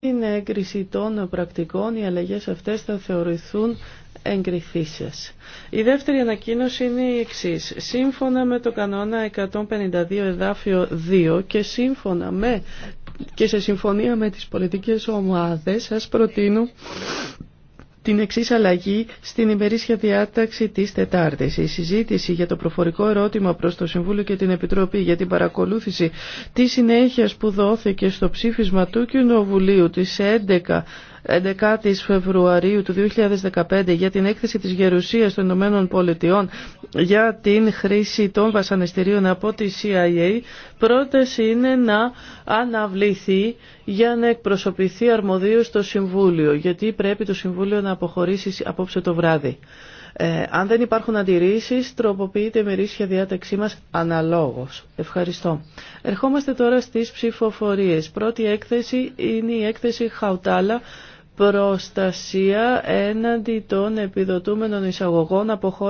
την έγκριση των πρακτικών οι αλλαγές αυτές θα θεωρηθούν εγκριθήσεις. Η δεύτερη ανακοίνωση είναι η εξής. Σύμφωνα με το κανόνα 152 εδάφιο 2 και σύμφωνα με και σε συμφωνία με τις πολιτικές ομάδες σας προτείνω την εξή αλλαγή στην ημερήσια διάταξη τη Τετάρτη. Η συζήτηση για το προφορικό ερώτημα προ το Συμβούλιο και την Επιτροπή για την παρακολούθηση τη συνέχεια που δόθηκε στο ψήφισμα του Κοινοβουλίου τη 11 11 Φεβρουαρίου του 2015 για την έκθεση της Γερουσίας των Ηνωμένων Πολιτειών για την χρήση των βασανιστήριων από τη CIA πρόταση είναι να αναβληθεί για να εκπροσωπηθεί αρμοδίως στο Συμβούλιο γιατί πρέπει το Συμβούλιο να αποχωρήσει απόψε το βράδυ. Ε, αν δεν υπάρχουν αντιρρήσει, τροποποιείται η μερίσια διάταξή μα αναλόγω. Ευχαριστώ. Ερχόμαστε τώρα στι ψηφοφορίε. Πρώτη έκθεση είναι η έκθεση Χαουτάλα προστασία έναντι των επιδοτούμενων εισαγωγών από χώρες.